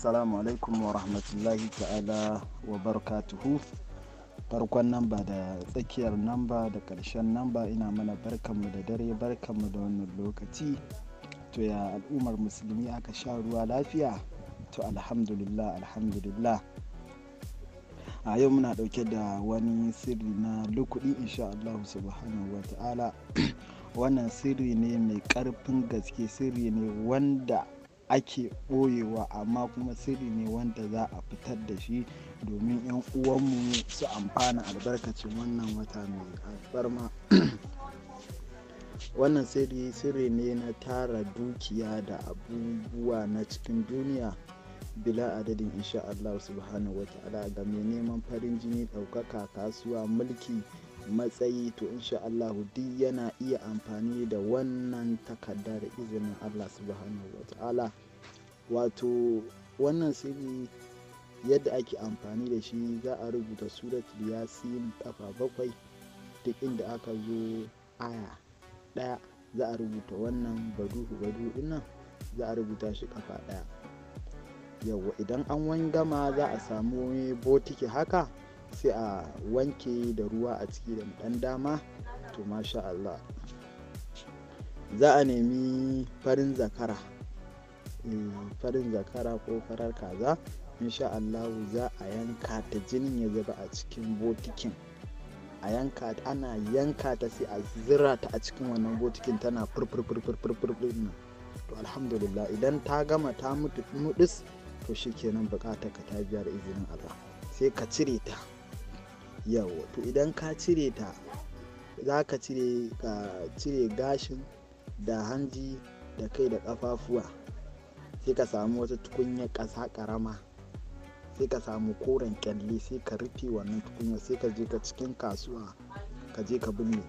assalamu alaikum wa rahmatullahi ta'ala wa barakatuhu farkon namba da tsakiyar namba da ƙarshen namba ina mana barkanmu da dare barkanmu da wannan lokaci to ya al'ummar musulmi aka sha ruwa lafiya to alhamdulillah alhamdulillah a yau muna dauke da wani sirri na lukudi insha Allah subhanahu wa ta'ala wannan sirri ne mai karfin gaske sirri ne wanda ake ɓoyewa amma kuma sirri ne wanda za a fitar da shi domin 'yan uwanmu su amfana albarkacin wannan wata mai alfarma wannan sirri sirri ne na tara dukiya da abubuwa na cikin duniya bila adadin insha Allah subhanahu wa ta'ala ga mai neman farin jini ɗaukaka kasuwa mulki matsayi to insha Allah duk yana iya amfani da wannan takardar izinin Allah subhanahu wa ta'ala wato wannan sirri yadda ake amfani da shi za a rubuta surat yasin kafa bakwai duk inda aka zo aya daya za a rubuta wannan baduhu badu dinnan za a rubuta shi kafa daya yawa idan an wani gama za a samu botiki haka sai a wanke da ruwa a ciki da dan dama to masha Allah za a nemi farin zakara eh, farin zakara ko farar kaza insha Allah za a yanka ta jinin ya zuba a cikin botikin a yanka ana yanka ta sai a zira ta a cikin wannan botikin tana furfurfurfurfurfur nan to alhamdulillah idan ta gama ta mutu nudis to shikenan bukatar ka ta da izinin Allah sai ka cire ta yawo to idan ka cire ta za ka cire gashin da hanji da kai da ƙafafuwa sai ka samu wata tukunya ƙasa ƙarama sai ka samu koren kyalle sai ka rufe wannan tukunya sai ka je ka cikin kasuwa ka je ka binne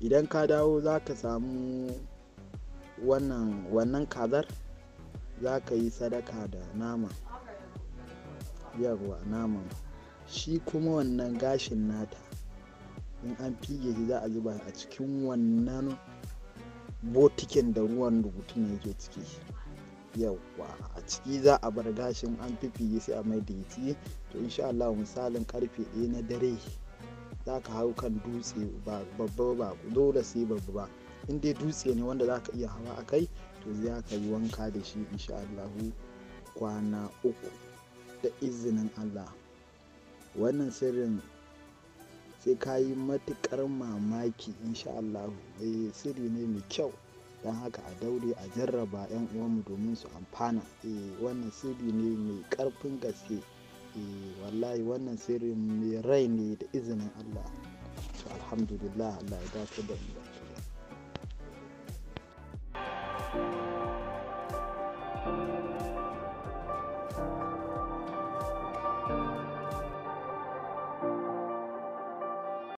idan ka dawo za ka samu wannan kazar za ka yi sadaka da nama yawwa naman shi kuma wannan gashin nata in an fige shi za a zuba a cikin wannan botikin da ruwan rubutun yake ciki yawwa a ciki za a bar gashin an fifige sai a mai da ya to insha Allah misalin karfe ɗaya na dare za ka hau kan dutse babba ba dole sai babba ba in dai dutse ne wanda za ka iya hawa a kai to za ka yi wanka da shi insha Allah kwana uku da izinin Allah wannan sirrin sai ka yi matuƙar mamaki insha Allahu eh sirri ne mai kyau don haka a daure a jarraba 'yan uwanmu domin su amfana eh wannan sirri ne mai ƙarfin gaske eh wallahi wannan sirri mai rai ne da izinin Allah to alhamdulillah Allah ya dace da mu